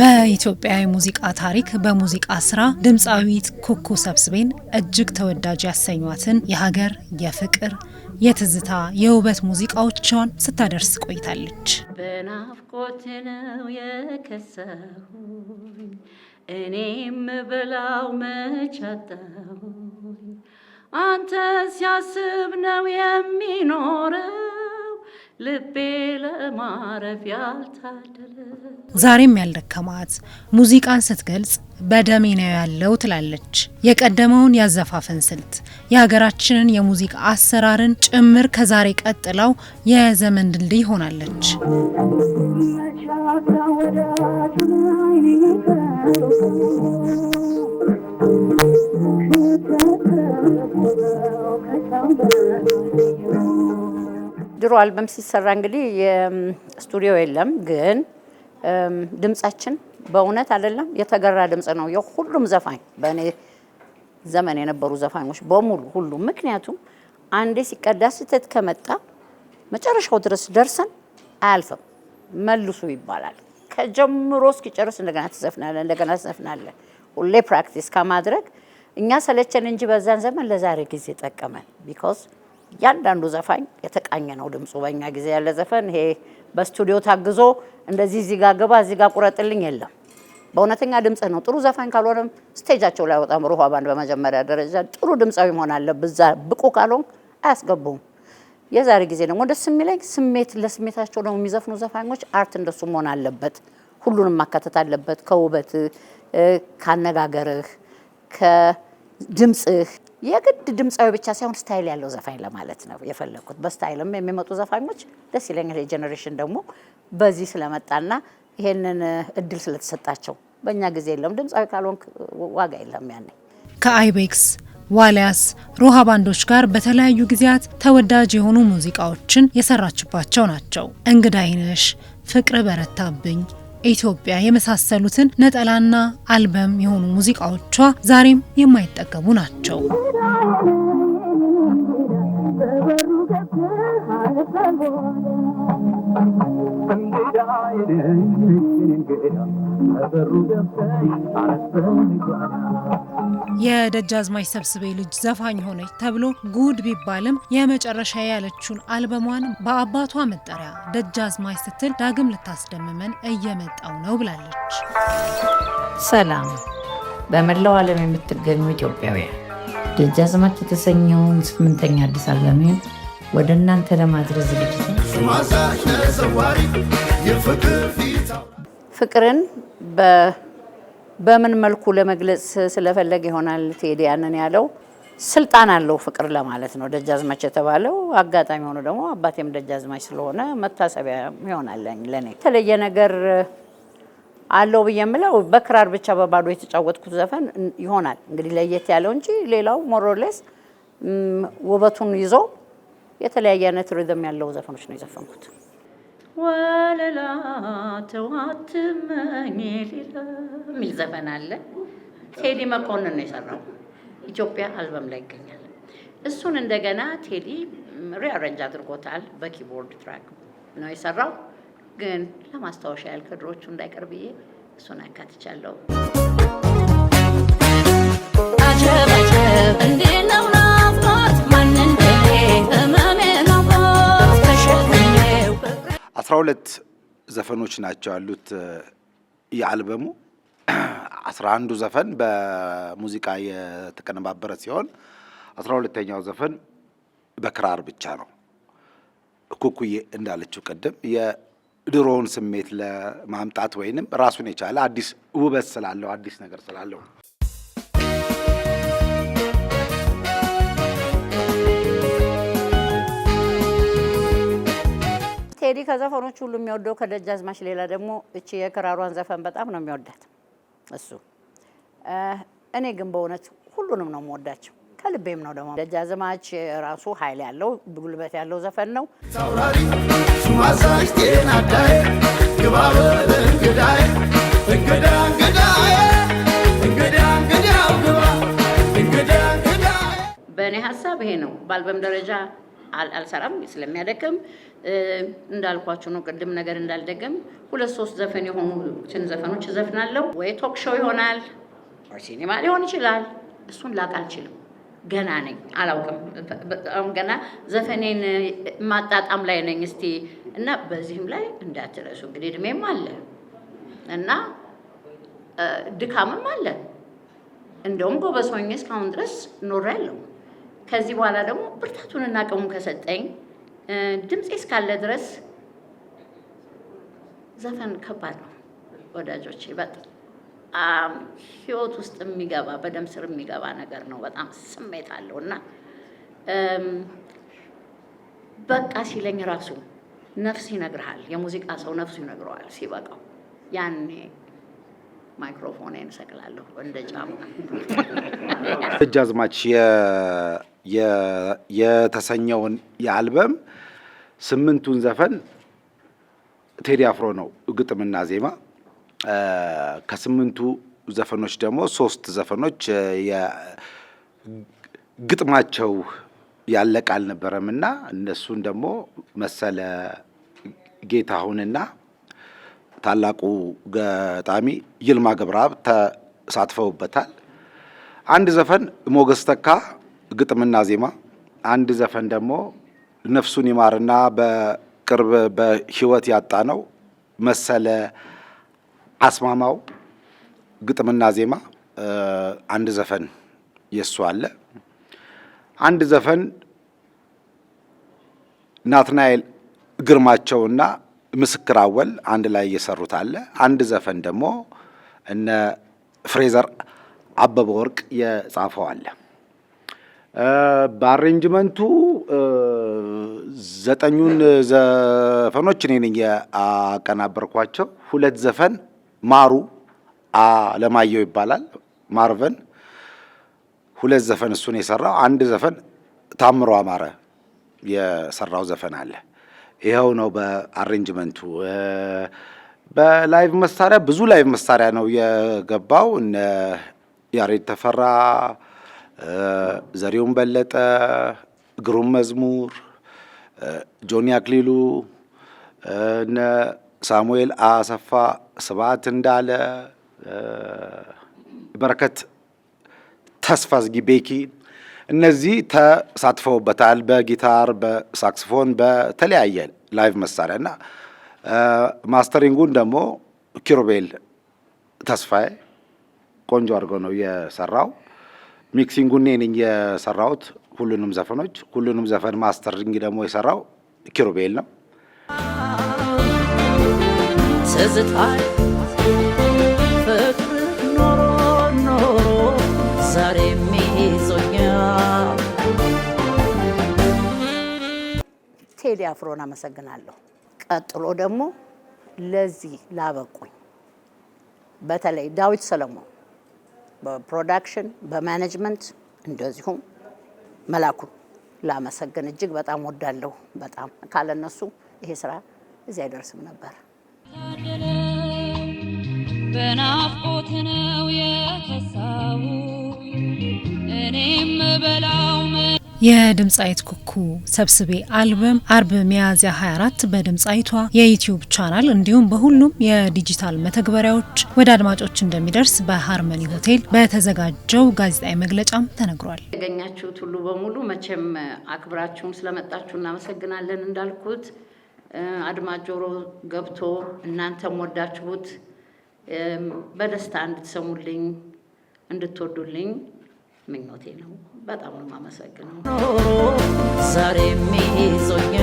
በኢትዮጵያ የሙዚቃ ታሪክ በሙዚቃ ስራ ድምፃዊት ኩኩ ሰብስቤን እጅግ ተወዳጅ ያሰኟትን የሀገር የፍቅር የትዝታ የውበት ሙዚቃዎቿን ስታደርስ ቆይታለች። በናፍቆት ነው የከሳሁኝ እኔም ብላው መቻጣሁኝ አንተ ሲያስብ ነው የሚኖረው ልቤ ለማረፍ ያልታደለ ዛሬም ያልደከማት ሙዚቃን ስትገልጽ በደሜ ነው ያለው ትላለች። የቀደመውን ያዘፋፈን ስልት የሀገራችንን የሙዚቃ አሰራርን ጭምር ከዛሬ ቀጥለው የዘመን ድልድይ ሆናለች። ድሮ አልበም ሲሰራ እንግዲህ የስቱዲዮ የለም፣ ግን ድምጻችን በእውነት አይደለም የተገራ ድምጽ ነው የሁሉም ዘፋኝ በእኔ ዘመን የነበሩ ዘፋኞች በሙሉ ሁሉ። ምክንያቱም አንዴ ሲቀዳ ስህተት ከመጣ መጨረሻው ድረስ ደርሰን አያልፍም። መልሱ ይባላል። ከጀምሮ እስኪጨርስ እንደገና ትዘፍናለን፣ እንደገና ትዘፍናለን። ሁሌ ፕራክቲስ ከማድረግ እኛ ሰለቸን እንጂ በዛን ዘመን ለዛሬ ጊዜ ጠቀመን። ቢኮዝ እያንዳንዱ ዘፋኝ የተቃኘ ነው ድምፁ። በእኛ ጊዜ ያለ ዘፈን ይሄ በስቱዲዮ ታግዞ እንደዚህ እዚህ ጋ ግባ እዚህ ጋ ቁረጥልኝ የለም። በእውነተኛ ድምጽህ ነው። ጥሩ ዘፋኝ ካልሆነም ስቴጃቸው ላይ በጣም ሩሃ ባንድ በመጀመሪያ ደረጃ ጥሩ ድምፃዊ መሆን አለብህ። እዛ ብቁ ካልሆን አያስገቡም። የዛሬ ጊዜ ደግሞ ደስ የሚለኝ ስሜት ለስሜታቸው ነው የሚዘፍኑ ዘፋኞች አርት እንደሱ መሆን አለበት። ሁሉንም ማካተት አለበት። ከውበትህ፣ ካነጋገርህ፣ ከድምፅህ የግድ ድምፃዊ ብቻ ሳይሆን ስታይል ያለው ዘፋኝ ለማለት ነው የፈለግኩት። በስታይልም የሚመጡ ዘፋኞች ደስ ይለኛል። የጀኔሬሽን ደግሞ በዚህ ስለመጣና ይሄንን እድል ስለተሰጣቸው በእኛ ጊዜ የለም። ድምፃዊ ካልሆንክ ዋጋ የለም። ያኔ ከአይቤክስ ዋሊያስ ሮሃ ባንዶች ጋር በተለያዩ ጊዜያት ተወዳጅ የሆኑ ሙዚቃዎችን የሰራችባቸው ናቸው። እንግዳይነሽ፣ ፍቅር በረታብኝ፣ ኢትዮጵያ የመሳሰሉትን ነጠላና አልበም የሆኑ ሙዚቃዎቿ ዛሬም የማይጠገቡ ናቸው። የደጃዝማች ሰብስቤ ልጅ ዘፋኝ ሆነች ተብሎ ጉድ ቢባልም የመጨረሻ ያለችውን አልበሟን በአባቷ መጠሪያ ደጃዝማች ስትል ዳግም ልታስደምመን እየመጣው ነው ብላለች። ሰላም በመላው ዓለም የምትገኙ ኢትዮጵያውያን ደጃዝማች የተሰኘውን ስምንተኛ አዲስ አለሜን ወደ እናንተ ለማድረስ ዝግጅት ፍቅርን በምን መልኩ ለመግለጽ ስለፈለገ ይሆናል ቴዲ ያንን ያለው። ስልጣን አለው ፍቅር ለማለት ነው ደጃዝማች የተባለው። አጋጣሚ ሆኖ ደግሞ አባቴም ደጃዝማች ስለሆነ መታሰቢያ ይሆናል ለእኔ። የተለየ ነገር አለው ብዬ የምለው በክራር ብቻ በባዶ የተጫወትኩት ዘፈን ይሆናል እንግዲህ ለየት ያለው እንጂ ሌላው ሞሮሌስ ውበቱን ይዞ የተለያየ አይነት ሪዝም ያለው ዘፈኖች ነው የዘፈንኩት። ወለላ ተዋትመኝ የሚል ዘፈን አለ። ቴዲ መኮንን ነው የሰራው። ኢትዮጵያ አልበም ላይ ይገኛል። እሱን እንደገና ቴዲ ሪአረንጅ አድርጎታል። በኪቦርድ ትራክ ነው የሰራው። ግን ለማስታወሻ ያህል ከድሮቹ እንዳይቀር ብዬ እሱን አካትቻለሁ። አስራ ሁለት ዘፈኖች ናቸው ያሉት የአልበሙ። አስራ አንዱ ዘፈን በሙዚቃ የተቀነባበረ ሲሆን አስራ ሁለተኛው ዘፈን በክራር ብቻ ነው። ኩኩዬ እንዳለችው ቅድም የድሮውን ስሜት ለማምጣት ወይንም ራሱን የቻለ አዲስ ውበት ስላለው አዲስ ነገር ስላለው ቴዲ ከዘፈኖች ሁሉ የሚወደው ከደጃዝማች ሌላ ደግሞ እቺ የክራሯን ዘፈን በጣም ነው የሚወዳት እሱ። እኔ ግን በእውነት ሁሉንም ነው የምወዳቸው ከልቤም ነው። ደግሞ ደጃዝማች ራሱ ኃይል ያለው ጉልበት ያለው ዘፈን ነው። በእኔ ሀሳብ ይሄ ነው። በአልበም ደረጃ አልሰራም ስለሚያደክም እንዳልኳቸው ነው። ቅድም ነገር እንዳልደገም ሁለት ሶስት ዘፈን የሆኑትን ዘፈኖች ዘፍናለሁ። ወይ ቶክ ሾው ይሆናል፣ ሲኒማ ሊሆን ይችላል። እሱን ላቅ አልችልም። ገና ነኝ፣ አላውቅም። ገና ዘፈኔን ማጣጣም ላይ ነኝ። እስቲ እና በዚህም ላይ እንዳትረሱ እንግዲህ እድሜም አለ እና ድካምም አለ። እንደውም ጎበዝ ሆኜ እስካሁን ድረስ ኖሬያለሁ። ከዚህ በኋላ ደግሞ ብርታቱንና አቅሙን ከሰጠኝ ድምፄ እስካለ ድረስ ዘፈን ከባድ ነው ወዳጆቼ። በጣም ህይወት ውስጥ የሚገባ በደም ስር የሚገባ ነገር ነው። በጣም ስሜት አለው እና በቃ ሲለኝ ራሱ ነፍስ ይነግርሃል። የሙዚቃ ሰው ነፍሱ ይነግረዋል ሲበቃው ያኔ ማይክሮፎን እንሰቅላለሁ እንደ ጫማ። ደጃዝማች የተሰኘውን የአልበም ስምንቱን ዘፈን ቴዲ አፍሮ ነው ግጥምና ዜማ። ከስምንቱ ዘፈኖች ደግሞ ሶስት ዘፈኖች ግጥማቸው ያለቀ አልነበረም እና እነሱን ደግሞ መሰለ ጌታሁንና ታላቁ ገጣሚ ይልማ ገብረአብ ተሳትፈውበታል። አንድ ዘፈን ሞገስ ተካ ግጥምና ዜማ፣ አንድ ዘፈን ደግሞ ነፍሱን ይማርና በቅርብ በህይወት ያጣ ነው መሰለ አስማማው ግጥምና ዜማ፣ አንድ ዘፈን የሱ አለ። አንድ ዘፈን ናትናኤል ግርማቸውና ምስክር አወል አንድ ላይ እየሰሩት አለ። አንድ ዘፈን ደግሞ እነ ፍሬዘር አበበ ወርቅ የጻፈው አለ። በአሬንጅመንቱ ዘጠኙን ዘፈኖች እኔ ነኝ ያቀናበርኳቸው። ሁለት ዘፈን ማሩ አለማየሁ ይባላል ማርቨን ሁለት ዘፈን እሱን የሰራው አንድ ዘፈን ታምሮ አማረ የሰራው ዘፈን አለ። ይኸው ነው። በአሬንጅመንቱ በላይቭ መሳሪያ ብዙ ላይቭ መሳሪያ ነው የገባው። እነ ያሬድ ተፈራ፣ ዘሪሁን በለጠ፣ ግሩም መዝሙር፣ ጆኒ አክሊሉ፣ እነ ሳሙኤል አሰፋ፣ ስብሐት እንዳለ፣ በረከት ተስፋ፣ ዝጊ ቤኪ እነዚህ ተሳትፈውበታል። በጊታር በሳክስፎን በተለያየ ላይቭ መሳሪያ እና ማስተሪንጉን ደግሞ ኪሩቤል ተስፋዬ ቆንጆ አድርገ ነው የሰራው። ሚክሲንጉን እኔ ነኝ የሰራሁት ሁሉንም ዘፈኖች ሁሉንም ዘፈን ማስተሪንግ ደግሞ የሰራው ኪሩቤል ነው። ትዝታ ፍቅር ኖሮ ኖሮ ዛሬ ቴዲ አፍሮን አመሰግናለሁ። ቀጥሎ ደግሞ ለዚህ ላበቁኝ በተለይ ዳዊት ሰለሞን በፕሮዳክሽን በማኔጅመንት እንደዚሁም መላኩ ላመሰግን እጅግ በጣም ወዳለሁ። በጣም ካለነሱ ይሄ ስራ እዚህ አይደርስም ነበር። በናፍቆት ነው የተሳቡ እኔም በላው የድምፃዊት ኩኩ ሰብስቤ አልበም አርብ ሚያዝያ 24 በድምፃዊቷ የዩትዩብ ቻናል እንዲሁም በሁሉም የዲጂታል መተግበሪያዎች ወደ አድማጮች እንደሚደርስ በሃርመኒ ሆቴል በተዘጋጀው ጋዜጣዊ መግለጫም ተነግሯል። ያገኛችሁት ሁሉ በሙሉ መቼም አክብራችሁም ስለመጣችሁ እናመሰግናለን። እንዳልኩት አድማጭ ጆሮ ገብቶ እናንተም ወዳችሁት በደስታ እንድትሰሙልኝ እንድትወዱልኝ ምኞቴ ነው። በጣም ነው የማመሰግነው። ዛሬ ይዞኛ